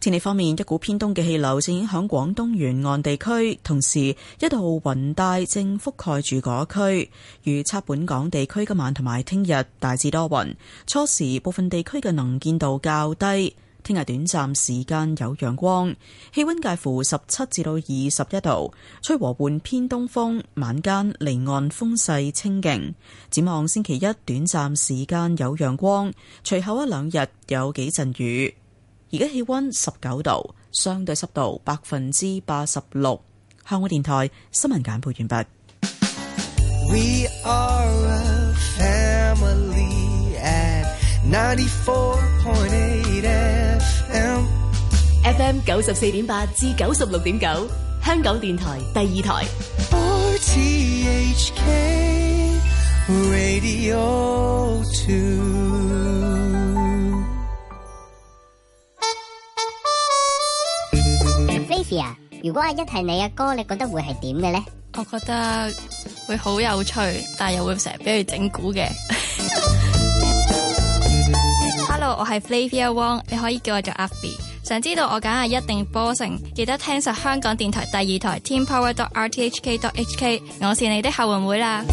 天氣方面，一股偏東嘅氣流正影響廣東沿岸地區，同時一道雲帶正覆蓋住嗰區。預測本港地區今晚同埋聽日大致多雲，初時部分地區嘅能見度較低，聽日短暫時間有陽光，氣溫介乎十七至到二十一度，吹和緩偏東風，晚間離岸風勢清勁。展望星期一短暫時間有陽光，隨後一兩日有幾陣雨。而家氣溫十九度，相對濕度百分之八十六。香港電台新聞簡報完畢。FM 九十四點八至九十六點九，9，香港電台第二台。如果阿一提你嘅歌，你覺得會係點嘅咧？我覺得會好有趣，但係又會成日俾佢整蠱嘅。 Hello，我係 Flavia Wong，你可以叫我做阿 B。想知道我揀阿一定波成，記得聽實香港電台第二台 Team Power dot R T H K dot H K。我是你的後援會啦。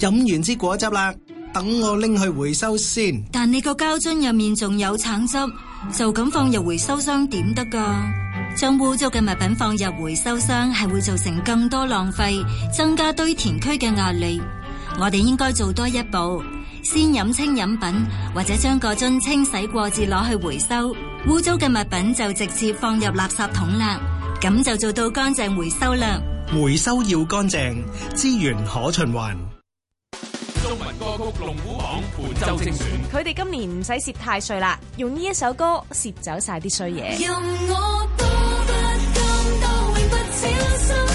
飲完支果汁啦。等我拎去回收先。但你個膠樽入面仲有橙汁，就咁放入回收箱點得噶？將污糟嘅物品放入回收箱，係會造成更多浪費，增加堆填區嘅壓力。我哋應該做多一步，先飲清飲品，或者將個樽清洗過至攞去回收。污糟嘅物品就直接放入垃圾桶啦，咁就做到乾淨回收啦。回收要乾淨，資源可循環。《龍虎榜》伴周清璇，佢哋今年唔使攝太歲啦，用呢一首歌攝走晒啲衰嘢。任我都不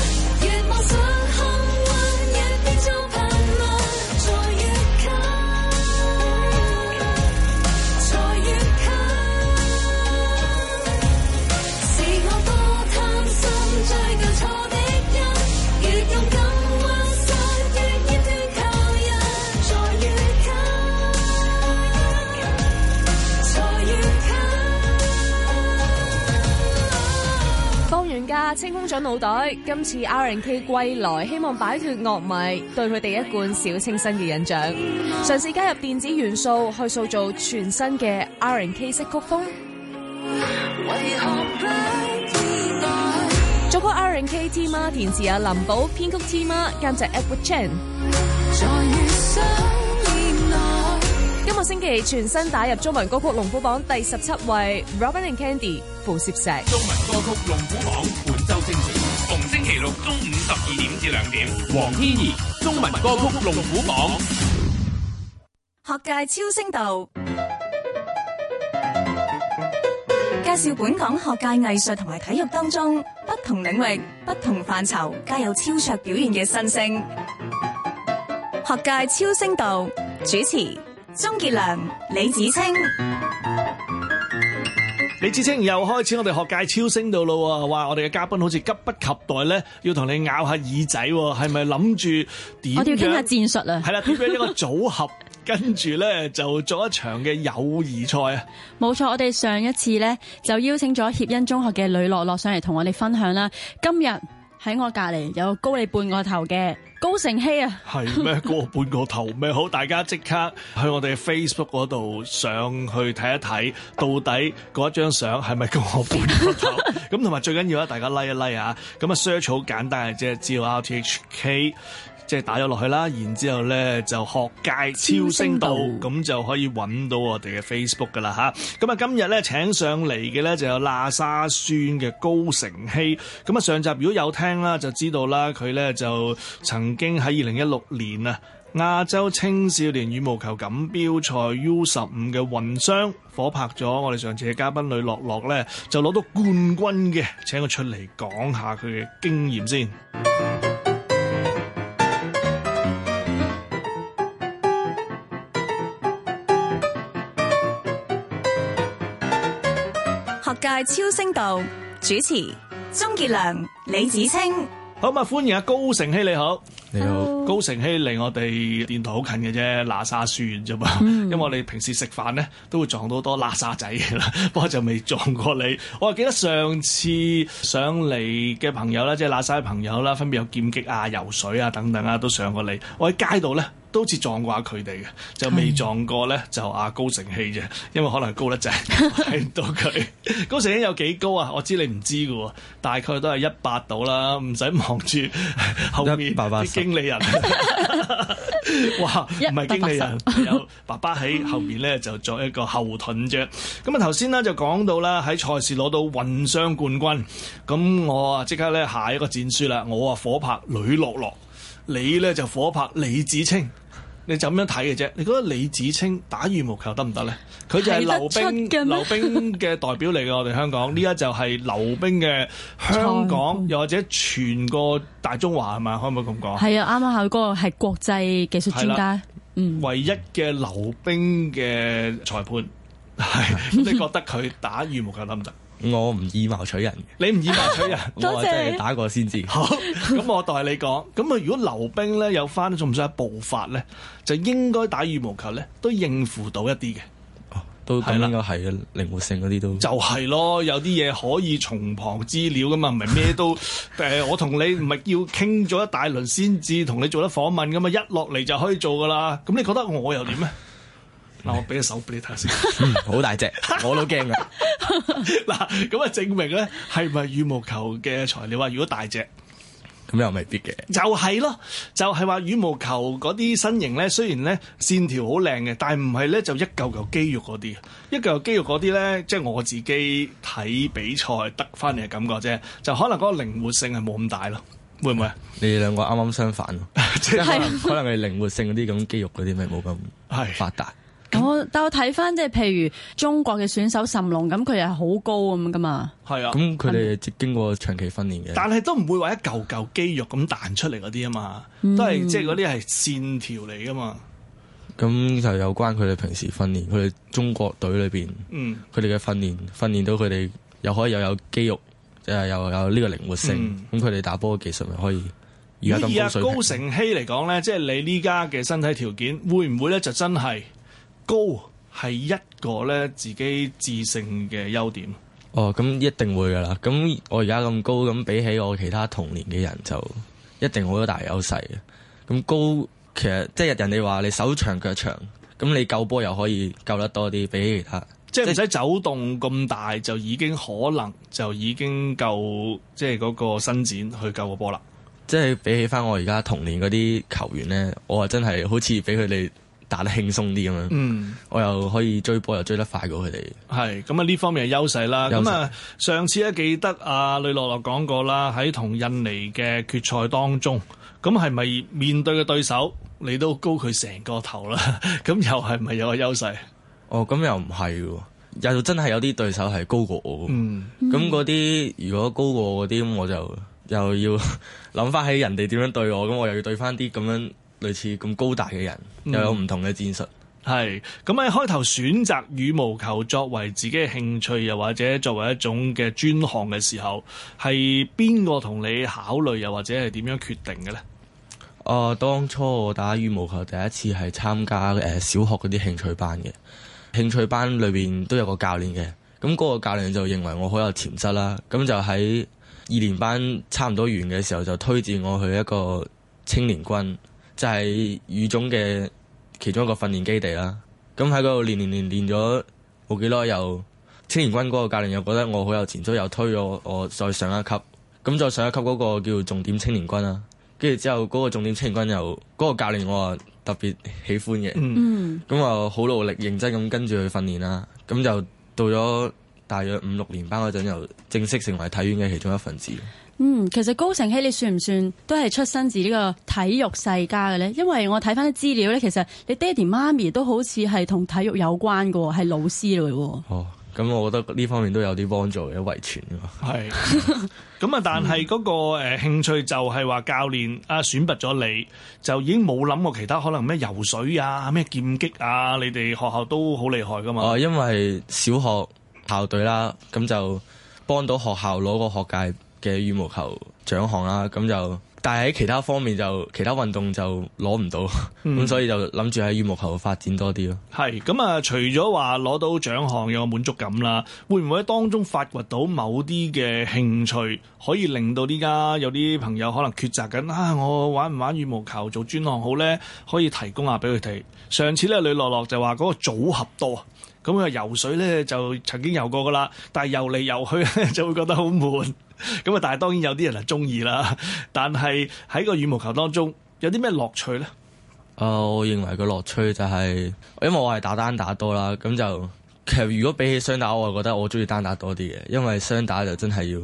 清空咗腦袋，今次 R N K 歸來，希望擺脫樂迷對佢哋一貫小清新嘅印象，嘗試加入電子元素去塑造全新嘅 R N K 式曲風。作 Wait on. 曲 R N K T 媽，填詞阿林寶，編曲 T 媽，監製 Edward Chan。今個星期全新打入中文歌曲龍虎榜第十七位 Robin and Candy，腐涉石。中文歌曲龍虎榜，本周精選。逢星期六中午十二點至兩點。黃天怡，中文歌曲龍虎榜。學界超星道。介紹本港學界藝術同埋體育當中，不同領域，不同範疇，皆有超卓表現嘅新星。學界超星道，主持。鍾傑良、李芷菁，李芷菁又開始我哋學界超星到啦，話我哋嘅嘉賓好似急不及待咧，要同你咬下耳仔，係咪諗住點？我哋要傾下戰術啊！係啦，點樣一個組合， 跟住咧就做一場嘅友誼賽啊！冇錯，我哋上一次咧就邀請咗協恩中學嘅呂樂樂上嚟同我哋分享啦。今日喺我隔籬有高你半個頭嘅。高誠熙啊，係咩？過半個頭咩？好，大家即刻去我哋 Facebook 嗰度，上去睇一睇，到底嗰一張相係咪過半個頭？咁同埋最緊要咧，大家拉、like、一拉啊！咁啊，search 好簡單嘅，即係照 R T H K。即係打咗落去啦，然之後咧就學界超新星度，咁就可以揾到我哋嘅 Facebook 噶啦吓。咁啊，今日咧請上嚟嘅咧就有喇沙宣嘅高誠熙。咁、嗯、啊，上集如果有聽啦，就知道啦，佢咧就曾經喺二零一六年啊亞洲青少年羽毛球錦標賽 U 十五嘅混雙夥拍咗，我哋上次嘅嘉賓呂樂樂咧就攞到冠軍嘅，請佢出嚟講下佢嘅經驗先。界超聲道主持鍾傑良、李芷菁，好啊，歡迎阿高誠熙，你好。你好，高誠熙離我哋電台好近嘅啫，喇沙書院啫嘛，嗯、因為我哋平時食飯咧都會撞到多喇沙仔嘅啦，不過就未撞過你。我係記得上次上嚟嘅朋友啦，即係喇沙嘅朋友啦，分別有劍擊啊、游水啊等等啊，都上過嚟。我喺街度咧都似撞過下佢哋嘅，就未撞過咧就阿、啊、高誠熙啫，因為可能高得滯睇唔到佢。高誠熙有幾高啊？我知你唔知嘅喎，大概都係一百度啦，唔使望住後面。一百八十 經理人，哇，唔係經理人，有爸爸喺後邊咧，就作一個後盾啫。咁啊，頭先啦就講到啦，喺賽事攞到混雙冠軍。咁我啊即刻咧下一個戰書啦，我啊火拍呂樂樂，你咧就火拍李芷菁。你就咁樣睇嘅啫？你覺得李芷菁打羽毛球可可呢得唔得咧？佢就係溜冰溜冰嘅代表嚟嘅，我哋香港呢一就係溜冰嘅香港，香港才又或者全個大中華係咪？才可唔可以咁講？係啊，啱啱下嗰個係國際技術專家，唯一嘅溜冰嘅裁判，係咁，的 你覺得佢打羽毛球得唔得？我唔以，以貌取人，你唔以貌取人，我話真係打過先知。 好，咁我代你講，咁啊如果溜冰咧有翻，仲唔使步法咧，就應該打羽毛球咧都應付到一啲嘅。哦，都咁應該係嘅，啦靈活性嗰啲都就係咯，有啲嘢可以從旁資料噶嘛，唔係咩都誒、 呃，我同你唔係要傾咗一大輪先至同你做得訪問噶嘛，一落嚟就可以做噶啦。咁你覺得我又點啊？ 嗱、啊，我俾隻手俾你睇下先、 嗯，好大隻，我都驚㗎、 嗯。嗱，咁啊，證明咧係咪羽毛球嘅材料啊？如果大隻，咁又未必嘅。就係咯，就係話羽毛球嗰啲身形咧，雖然咧線條好靚嘅，但係唔係咧就一嚿嚿肌肉嗰啲，一嚿肌肉嗰啲咧，即、就、係、是、我自己睇比賽得翻嚟嘅感覺啫。就可能嗰個靈活性係冇咁大咯，會唔會啊？你哋兩個啱啱相反， 即係可能係靈 活性嗰啲咁肌肉嗰啲咪冇咁係發達。 我但我睇翻，即係譬如中國嘅選手諶龍咁，佢係好高咁噶嘛？係啊，咁佢哋經過長期訓練嘅，但係都唔會話一嚿嚿肌肉咁彈出嚟嗰啲啊嘛，都係即係嗰啲係線條嚟噶嘛。咁就有關佢哋平時訓練，佢哋中國隊裏邊，佢哋嘅訓練訓練到佢哋又可以又有肌肉，誒又有呢個靈活性，咁佢哋打波嘅技術咪可以而家咁高水平。高誠熙嚟講咧，即係你呢家嘅身體條件會唔會咧？就真係。高係一個呢自己自性嘅優點。哦，咁一定會噶啦。咁我而家咁高，咁比起我其他同年嘅人就一定好多大優勢。咁高其實即係人哋話你手長腳長，咁你救波又可以救得多啲，比起其他。即係唔使走動咁大，就已經可能就已經夠即係嗰個伸展去救個波啦。即係比起翻我而家同年嗰啲球員呢，我啊真係好似比佢哋。打得輕鬆啲咁樣，嗯、我又可以追波，又追得快過佢哋。係咁啊，呢方面嘅優勢啦。咁勢啊，上次咧記得阿雷落落講過啦，喺同印尼嘅決賽當中，咁係咪面對嘅對手你都高佢成個頭啦？咁 又係咪有個優勢？哦，咁又唔係喎，又真係有啲對手係高過我。嗯，咁嗰啲如果高過我啲，咁我就又要諗翻起人哋點樣對我，咁我又要對翻啲咁樣。類似咁高大嘅人，又、嗯、有唔同嘅戰術。係咁，喺開頭選擇羽毛球作為自己嘅興趣，又或者作為一種嘅專項嘅時候，係邊個同你考慮，又或者係點樣決定嘅呢？啊、呃，當初我打羽毛球第一次係參加誒小學嗰啲興趣班嘅，興趣班裏邊都有個教練嘅。咁嗰個教練就認為我好有潛質啦。咁就喺二年班差唔多完嘅時候，就推薦我去一個青年軍。就係羽總嘅其中一個訓練基地啦，咁喺嗰度練練練練咗冇幾耐，多又青年軍嗰個教練又覺得我好有前途，又推咗我，我再上一級，咁再上一級嗰個叫做重點青年軍啦，跟住之後嗰個重點青年軍又嗰、嗰個教練我啊特別喜歡嘅，咁啊好努力認真咁跟住去訓練啦，咁就到咗大約五六年班嗰陣，又正式成為體院嘅其中一份子。嗯，其實高誠熙你算唔算都係出身自呢個體育世家嘅咧？因為我睇翻啲資料咧，其實你爹哋媽咪都好似係同體育有關嘅，係老師嚟嘅。哦，咁我覺得呢方面都有啲幫助嘅遺傳係，咁啊， 但係嗰個誒興趣就係話教練啊選拔咗你，就已經冇諗過其他可能咩游水啊、咩劍擊啊，你哋學校都好厲害噶嘛。哦，因為小學校隊啦，咁就幫到學校攞個學界嘅羽毛球獎項啦，咁就但係喺其他方面就其他運動就攞唔到，咁、嗯、 所以就諗住喺羽毛球發展多啲咯。係，咁啊，除咗話攞到獎項有個滿足感啦，會唔會喺當中發掘到某啲嘅興趣，可以令到呢家有啲朋友可能抉擇緊啊，我玩唔玩羽毛球做專項好呢？可以提供下俾佢哋睇。上次咧，呂樂樂就話嗰個組合多，咁、那、啊、個、游水呢，就曾經游過噶啦，但係游嚟游去 就會覺得好悶。咁啊！但係當然有啲人係中意啦。但係喺個羽毛球當中，有啲咩樂趣咧？啊、呃，我認為個樂趣就係、是，因為我係打單打多啦。咁就其實如果比起雙打，我就覺得我中意單打多啲嘅，因為雙打就真係要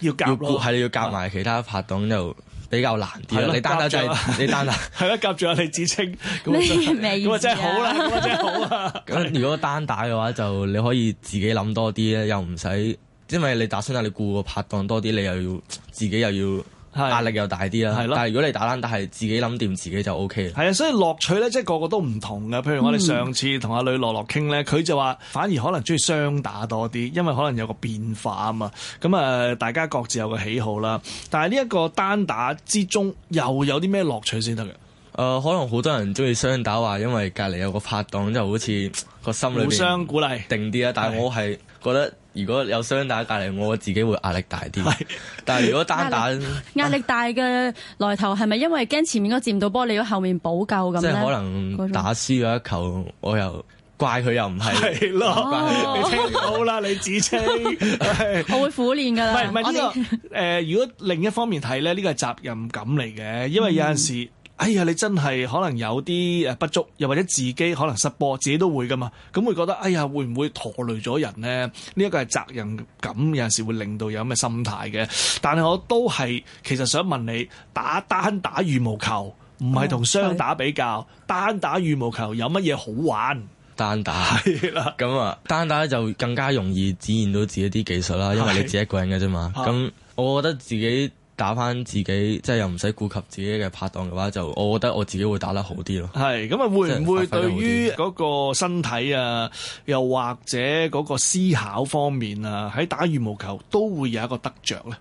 要夾咯，係你要夾埋其他拍檔就比較難啲咯。的你單打就是啊、 你單打係咯，夾住阿李芷菁咁啊， 啊真係好啦，真係好啦。咁 如果單打嘅話，就你可以自己諗多啲咧，又唔使。因為你打雙打，你顧個拍檔多啲，你又要自己又要壓力又大啲啦。的但係如果你打單打，係自己諗掂自己就 O K 啦。係啊，所以樂趣呢，即係個個都唔同嘅。譬如我哋上次同阿女樂樂傾呢，佢、嗯、就話反而可能中意雙打多啲，因為可能有個變化啊嘛。咁啊、呃，大家各自有個喜好啦。但係呢一個單打之中，又有啲咩樂趣先得嘅？誒、呃，可能好多人中意雙打話，因為隔籬有個拍檔，就好似個心裏互相鼓勵定啲啊。但係我係覺得。如果有雙打隔籬，我自己會壓力大啲。是但係如果單打壓力,壓力大嘅來頭係咪、嗯、因為驚前面嗰接唔到波，你要後面補救咁即係可能打輸咗一球，我又怪佢又唔係。咯的，哦、你聽到啦，李芷菁。 是我會苦練㗎。唔係唔係呢個誒、呃，如果另一方面睇咧，呢個係責任感嚟嘅，因為有陣時、嗯。哎呀，你真係可能有啲誒不足，又或者自己可能失波，自己都會噶嘛，咁會覺得哎呀，會唔會拖累咗人呢？呢、呢、一個係責任感，有陣時會令到有咩心態嘅。但係我都係其實想問你，打單打羽毛球唔係同雙打比較，嗯、單打羽毛球有乜嘢好玩？單打係啦，咁啊， 單打就更加容易展現到自己啲技術啦，因為你自己一個人嘅啫嘛。咁是是我覺得自己。打返自己，即係又唔使顧及自己嘅拍檔嘅話，就我覺得我自己會打得好啲咯。係咁啊，會唔會對於嗰個身體啊，又或者嗰個思考方面啊，喺打羽毛球都會有一個得着呢？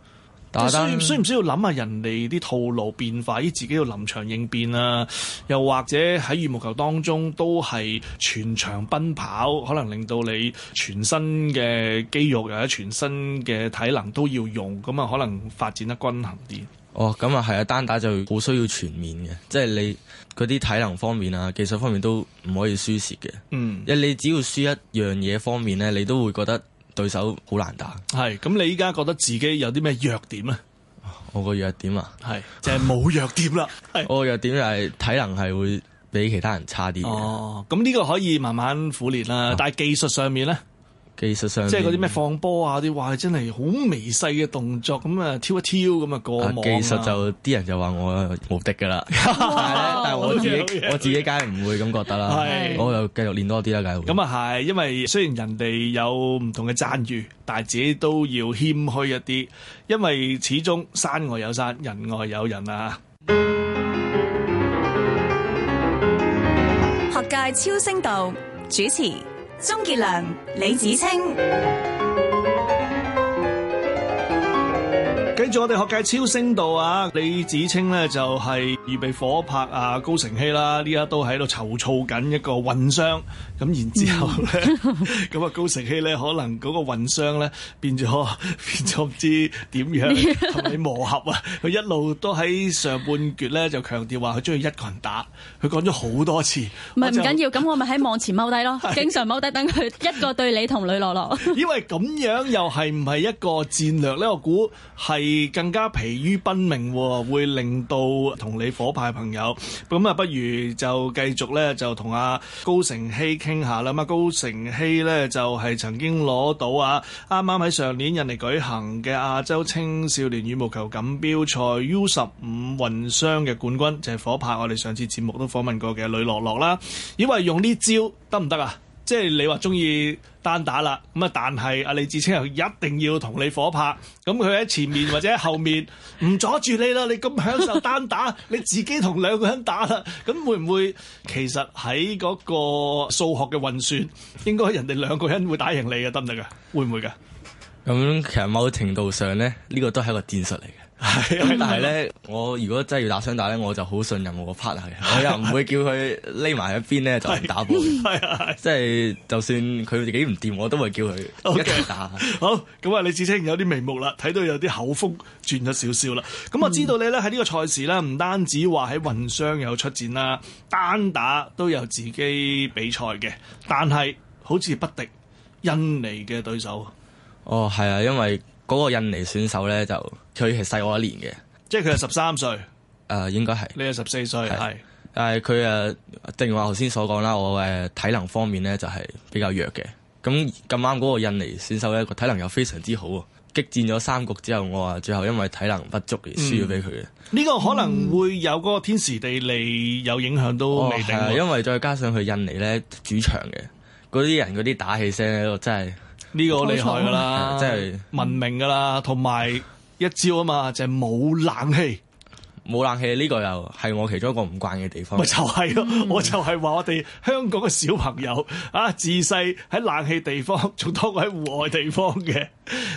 即需唔需要諗下人哋啲套路變化？依自己要臨場應變啊，又或者喺羽毛球當中都係全場奔跑，可能令到你全身嘅肌肉又或者全身嘅體能都要用，咁啊可能發展得均衡啲。哦，咁啊係啊，單打就好需要全面嘅，即係你嗰啲體能方面啊、技術方面都唔可以輸蝕嘅。嗯，因為你只要輸一樣嘢方面咧，你都會覺得，對手好難打，係咁你依家覺得自己有啲咩弱點咧？我個弱點啊，係就係、係、冇弱點啦。我個弱點就係體能係會比其他人差啲。哦，咁呢個可以慢慢苦練啦。哦、但係技術上面咧？技術上，即係嗰啲咩放波啊，啲話真係好微細嘅動作，咁啊挑一挑，咁啊過網啊。技術就啲人就話我無敵噶啦，哇 但係我自己，我自己梗係唔會咁覺得啦。係是，我又繼續練多啲啦，梗係。咁啊係，因為雖然人哋有唔同嘅讚譽，但係自己都要謙虛一啲，因為始終山外有山，人外有人啊。學界超聲道主持，鍾傑良、李芷菁。跟住我哋學界超聲度啊，李芷菁咧就係預備火拍啊，高誠熙啦，呢家都喺度籌措緊一個混雙，咁然之後咧，咁啊 高誠熙咧可能嗰個混雙咧變咗變咗唔知點樣同 你磨合啊，佢一路都喺上半決咧就強調話佢中意一個人打，佢講咗好多次，唔係唔緊要，咁我咪就喺網前踎低咯， 經常踎低等佢一個對你同女樂樂， 因為咁樣又係唔係一個戰略呢？我估係。更加疲於奔命，會令到同你夥拍朋友咁啊。不如就繼續呢，就同阿、啊、高誠熙傾下啦。咁高誠熙呢，就係、是、曾經攞到啊，啱啱喺上年印尼舉行嘅亞洲青少年羽毛球錦標賽 U 十五混雙嘅冠軍，就係、是、夥拍。我哋上次節目都訪問過嘅呂樂樂啦。以為用呢招得唔得啊？即係你話中意單打啦，咁啊，但係阿李芷菁又一定要同你火拍，咁佢喺前面或者喺後面唔阻住你啦，你咁享受單打，你自己同兩個人打啦，咁會唔會其實喺個數學嘅運算，應該人哋兩個人會打贏你嘅，得唔得㗎？會唔會㗎？咁、嗯、其實某程度上咧，呢、這個都係一個戰術嚟嘅。係咁， 但係咧， 我如果真係要打雙打咧，我就好信任我個 partner 嘅，我又唔會叫佢匿埋一邊咧就唔打波，係啊，即係就算佢自己唔掂，我都係叫佢一齊打。Okay. 好，咁啊，李芷菁有啲眉目啦，睇到有啲口風轉咗少少啦。咁我知道你咧喺呢個賽事咧，唔單止話喺混雙有出戰啦，單打都有自己比賽嘅，但係好似不敵印尼嘅對手。哦，係啊，因為。嗰個印尼選手呢，就佢係細我一年嘅，即係佢係十三歲，誒、呃，應該係你係十四歲，係是，但係佢誒，正如我頭先所講啦，我誒體能方面呢就係比較弱嘅。咁咁啱嗰個印尼選手呢，咧，體能又非常之好啊！激戰咗三局之後，我啊最後因為體能不足而輸咗俾佢嘅。呢個可能會有嗰個天時地利有影響都未定，嗯哦，因為再加上佢印尼呢，主場嘅嗰啲人嗰啲打氣聲呢，我真係。呢個好厲害噶啦，即係、就是、文明噶啦，同埋一招啊嘛，就係、是、冇冷氣。冇冷氣呢個又係我其中一個唔慣嘅地方。咪就係咯，嗯、我就係話我哋香港嘅小朋友 啊，自細喺冷氣地方仲多過喺戶外地方嘅。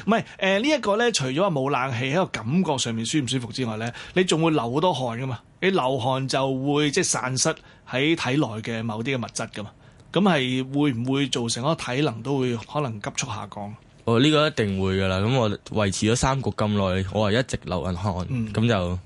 唔係誒，呃這個、呢一個咧，除咗話冇冷氣喺個感覺上面舒唔舒服之外咧，你仲會流好多汗噶嘛。你流汗就會即係散失喺體內嘅某啲嘅物質噶嘛。咁係會唔會造成我體能都會可能急速下降？哦，呢、這個一定會噶啦。咁我維持咗三局咁耐，我係一直流緊汗，咁、嗯、就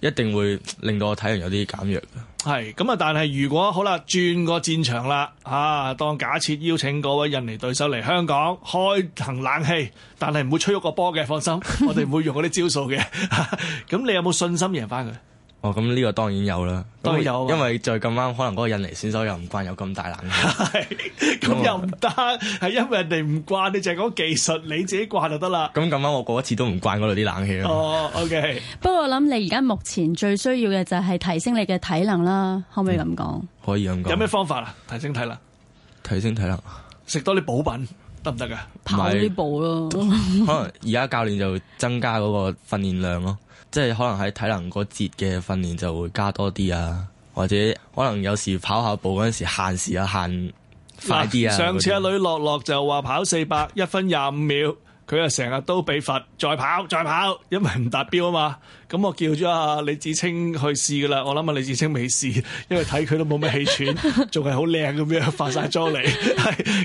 一定會令到我體能有啲減弱。係咁啊！但係如果好啦，轉個戰場啦，啊，當假設邀請嗰位印尼對手嚟香港開行冷氣，但係唔會吹咗個波嘅，放心， 我哋唔會用嗰啲招數嘅。咁 你有冇信心贏翻佢？哦，咁呢個當然有啦，都有，因為就咁啱可能嗰個印尼選手又唔慣有咁大冷氣，咁又唔得，係因為人哋唔慣，你淨係講技術，你自己慣就得啦。咁咁啱我過一次都唔慣嗰度啲冷氣咯。哦，OK。不過我諗你而家目前最需要嘅就係提升你嘅體能啦，可唔可以咁講？可以咁講。有咩方法啊？提升體能？提升體能？食多啲補品得唔得噶？跑啲步咯。可能而家教練就會增加嗰個訓練量咯。即係可能喺體能嗰節嘅訓練就會加多啲啊，或者可能有時跑下步嗰陣時，時限時啊限快啲啊。上次阿女樂樂就話跑四百一分廿五秒，佢啊成日都被罰再跑再跑，因為唔達標啊嘛。咁我叫咗阿李芷菁去試噶啦，我諗啊李芷菁未試，因為睇佢都冇咩氣喘，仲係好靚咁樣發晒妝嚟。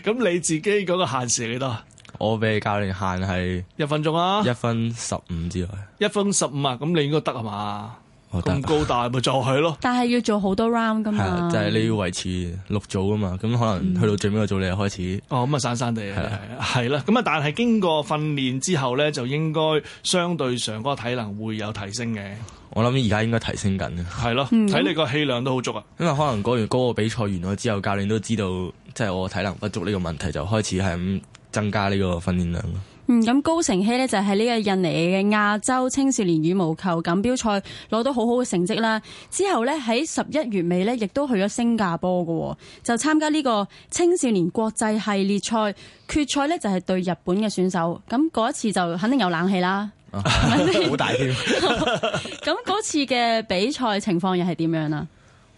咁 你自己嗰個限時幾多？我俾教練限係一分鐘啊，一分十五之外，一分十五啊，咁你應該得係嘛？咁高大咪就係咯。但係要做好多 round 㗎嘛，就係、是、你要維持六組啊嘛，咁可能去到最尾個組你就開始、嗯、的哦，咁啊散散哋，係啦的，係咁啊，但係經過訓練之後咧，就應該相對上嗰個體能會有提升嘅。我諗而家應該提升緊嘅，係咯的，睇、嗯、你個氣量都好足啊。因為，可能講完嗰個比賽完咗之後，教練都知道即係我體能不足呢個問題，就開始係咁。增加呢個訓練量，嗯，咁高誠熙呢就係、是、呢個印尼嘅亞洲青少年羽毛球錦標賽攞到好好嘅成績啦。之後呢，喺十一月尾呢，亦都去咗新加坡嘅，哦，就參加呢個青少年國際系列賽決賽呢就係、是、對日本嘅選手。咁嗰一次就肯定有冷氣啦，好大添。咁嗰次嘅比賽情況又係點樣呀？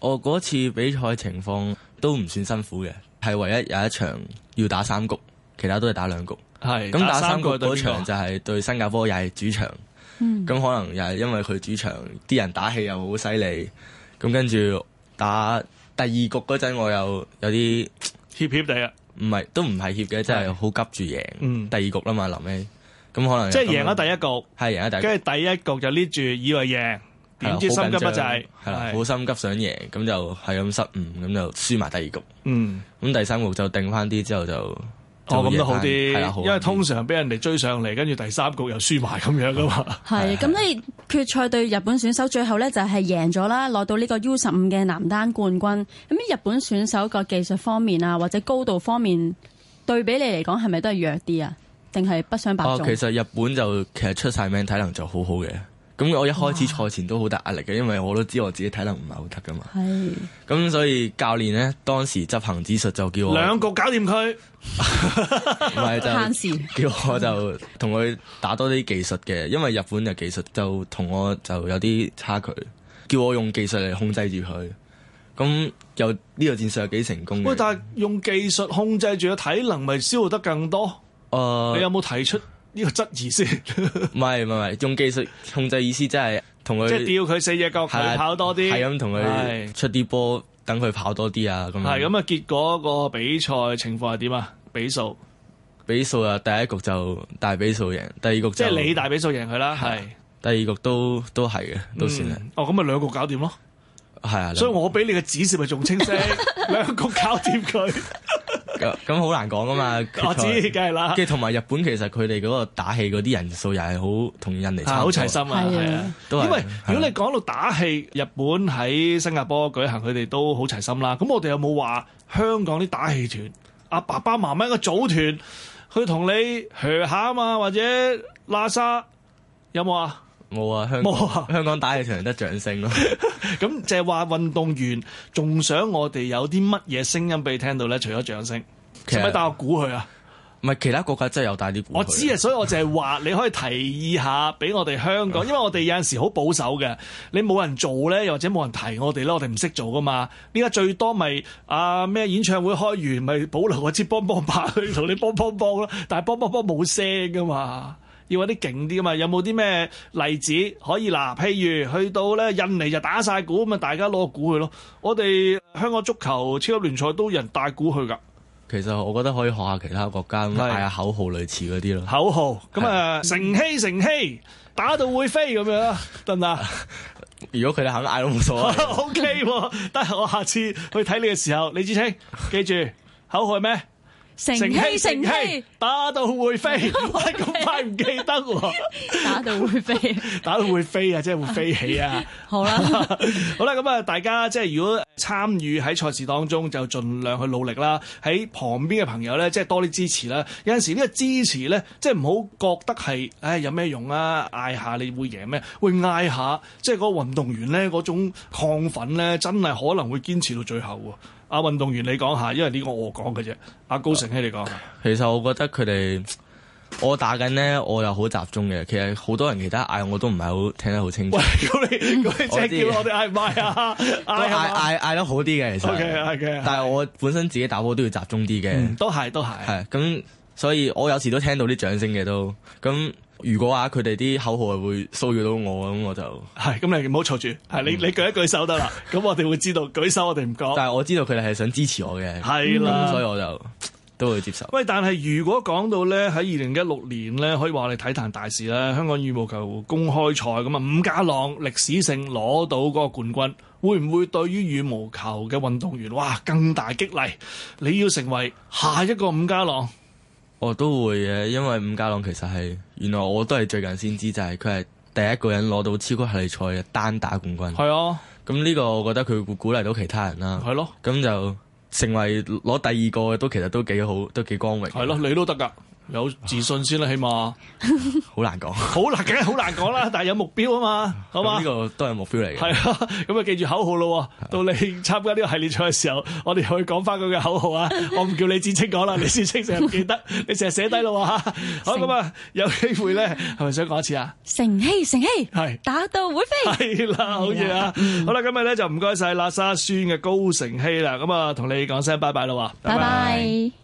我嗰次比賽情況都唔算辛苦嘅，係唯一有一場要打三局。其他都係打兩局，係咁打三局嗰場就係對新加坡，又係主場。咁可能又係因為佢主場啲人打氣又好犀利，咁跟住打第二局嗰陣，我又有啲怯怯地啊。唔係都唔係怯嘅，即係好急住贏第二局啦嘛。臨尾咁可能即係贏咗第一局，係贏咗第一，跟住第一局就捏住以為贏，點知心急不濟係啦，好心急想贏，咁就係咁失誤，咁就輸埋第二局。嗯，咁第三局就定翻啲之後就。哦，咁都好啲，因為通常俾人哋追上嚟，跟住第三局又輸埋咁樣噶嘛。係 咁你決賽對日本選手最後咧就係贏咗啦，攞到呢個 U 十五嘅男單冠軍。咁日本選手個技術方面啊，或者高度方面對比你嚟講係咪都係弱啲啊？定係不相伯仲？哦，其實日本就其實出晒名體能就好好嘅。咁我一開始賽前都好大壓力嘅，因為我都知我自己體能唔係好得噶嘛。係咁是，所以教練呢，當時執行戰術就叫我兩局搞掂佢，唔 係 就叫我就同佢打多啲技術嘅，因為日本嘅技術就同我就有啲差距，叫我用技術嚟控制住佢。咁又呢個戰術又幾成功。喂，但係用技術控制住個體能，咪消耗得更多？誒、呃，你有冇睇出？呢個質疑先， 唔係唔係用技術控制意思，即係同佢即係吊佢四隻腳，佢、啊、跑多啲，係咁同佢出啲波，等佢、啊、跑多啲啊！咁係咁啊，結果個比賽情況係點啊？比數比數啊！第一局就大比數贏，第二局即係你大比數贏佢啦，係、啊。第二局都都係嘅，都，都算啦、嗯。哦，咁啊，兩局搞掂咯，係啊。所以我畀你嘅指示咪仲清晰， 兩局搞掂佢。 咁好 難講噶嘛， 我知道，梗係啦。跟住同埋日本， 其實佢哋嗰個打氣嗰啲人數又係好同人嚟好 齊心啊，係啊，啊都係是。因為是、啊、如果你講到打氣，日本喺新加坡舉行，佢哋都好齊心啦。咁我哋有冇話香港啲打氣團阿爸爸媽媽個組團去同你賀下啊嘛，或者喇沙有冇啊？冇啊，香港，有、啊、 香港打嘢場就得掌聲咯。 咁就係話運動員仲想我哋有啲乜嘢聲音俾你聽到咧？除咗掌聲，係咪帶個鼓佢啊？唔係其他國家真係有帶啲鼓。啊、我知啊，所以我淨係話你可以提議下俾我哋香港， 因為我哋有陣時好保守嘅。你冇人做咧，又或者冇人提我哋咧，我哋唔識做噶嘛。依家最多咪、就是、啊咩演唱會開完咪保留嗰支幫幫棒去同你幫幫幫咯，但係幫幫幫冇聲噶嘛。要啲勁啲嘛？有冇啲咩例子可以嗱？譬如去到咧印尼就打晒鼓咁啊，大家攞個鼓去咯。我哋香港足球超級聯賽都有人帶鼓去噶。其實我覺得可以學下其他國家嗌下的口號類似嗰啲咯。口號咁啊，嗯、的誠熙誠熙，打到會飛咁樣，得唔得？ 如果佢哋肯嗌都冇所謂。O K，得我下次去睇你嘅時候，李芷菁，記住口號咩？成氣成氣，打到會飛，咁 飛快唔記得喎！ 打到會飛， 打到會飛啊！ 即係會飛起啊！ 好啦吧， 好啦，咁啊，大家即係如果參與喺賽事當中，就盡量去努力啦。喺旁邊嘅朋友咧，即係多啲支持啦。有陣時呢個支持咧，即係唔好覺得係，唉，有咩用啊？嗌下你會贏咩？會嗌下，即係個運動員咧，嗰種亢奮咧，真係可能會堅持到最後啊！阿運動員，你講下，因為呢個我講嘅啫。阿高誠熙，你講下。其實我覺得佢哋，我打緊咧，我又好集中嘅。其實好多人其他嗌我都唔係好聽得好清楚。咁你咁你即係叫我哋嗌咪啊，嗌嗌嗌得好啲嘅。其實。OK，OK。但係我本身自己打波都要集中啲嘅，嗯。都係都係。係咁，所以我有時都聽到啲掌聲嘅都咁。如果啊，佢哋啲口號啊會騷擾到我咁，我就係咁、嗯，你唔好坐住，係你你舉一舉手得啦。咁 我哋會知道，舉手我哋唔講。但係我知道佢哋係想支持我嘅，係是啦、嗯，所以我就都會接受。喂，但係如果講到咧喺二零一六年咧，可以話係體壇大事啦，香港羽毛球公開賽咁啊，伍家朗歷史性攞到嗰個冠軍，會唔會對於羽毛球嘅運動員哇更大激勵？你要成為下一個伍家朗？嗯我、哦、都會嘅，因為伍家朗其實係原來我都係最近先知，就係佢係第一個人攞到超級系列賽嘅單打冠軍。係啊，咁呢個我覺得佢會鼓勵到其他人啦。係咯、啊，咁就成為攞第二個嘅都其實都幾好，都幾光榮。係咯、啊，你都得㗎。有自信先啦，起碼好難講，好難嘅，好難講啦。但係有目標啊嘛，好嘛？呢個都係目標嚟嘅。係啊，咁啊記住口號咯。到你參加呢個系列賽嘅時候，我哋可以講翻嗰個口號啊。我唔叫你芷菁講啦，你芷菁成日唔記得，你成日寫低咯。好咁啊，有機會咧，係咪想講一次啊？誠熙，誠熙，係打到會飛。係啦，好嘢啊！好啦，今日咧就唔該晒喇沙生嘅高誠熙啦。咁啊，同你講聲拜拜咯喎，拜拜。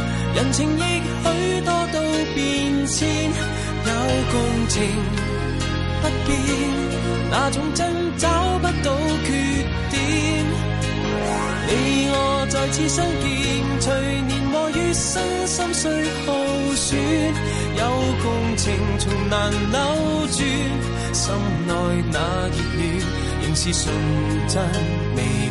人情亦許多都變遷，有共情不變，那種真找不到缺點。你我再次相見，隨年和月身心碎耗損，有共情從難扭轉。心內那熱暖仍是純真美。美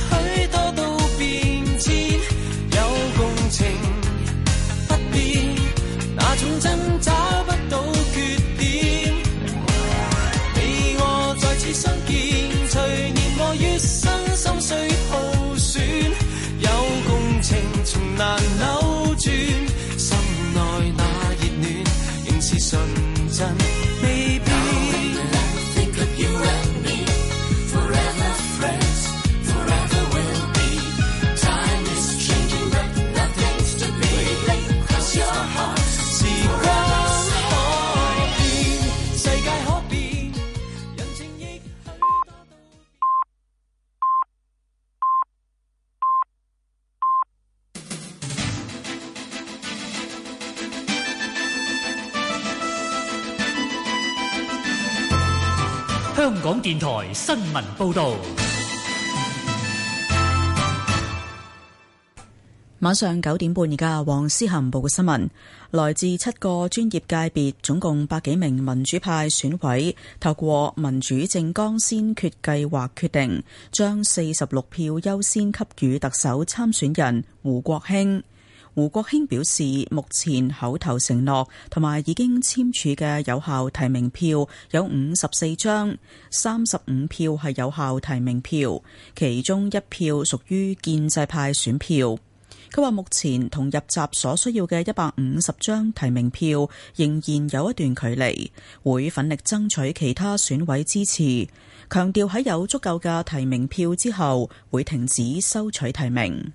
新聞報道。晚上九點半，而家黃思恒報嘅新聞，來自七個專業界別，總共百幾名民主派選委透過民主政綱先決計劃決定，將四十六票優先給予特首參選人胡國興。胡國興表示，目前口頭承諾同埋已經簽署嘅有效提名票有五十四張，三十五票係有效提名票，其中一票屬於建制派選票。佢話目前同入閘所需要嘅一百五十張提名票仍然有一段距離，會奮力爭取其他選委支持，強調喺有足夠嘅提名票之後會停止收取提名。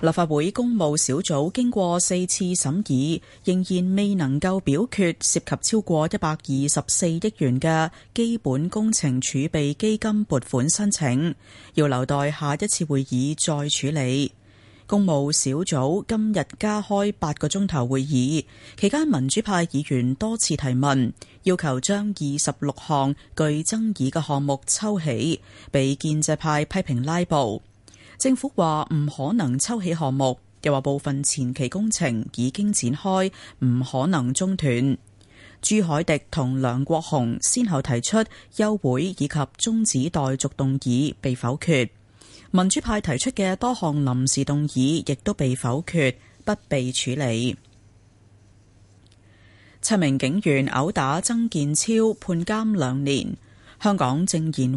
立法會公務小組經過四次審議，仍然未能夠表決涉及超過一百二十四億元嘅基本工程儲備基金撥款申請，要留待下一次會議再處理。公務小組今日加開八個鐘頭會議，期間民主派議員多次提問，要求將二十六項具爭議嘅項目抽起，被建制派批評拉布。政府話唔可能抽起項目，又話部分前期工程已經展開，唔可能中斷。朱海迪同梁國雄先後提出休會以及中止待續動議被否決，民主派提出嘅多項臨時動議亦都被否決，不被處理。七名警員毆打曾建超判監兩年。香港政言。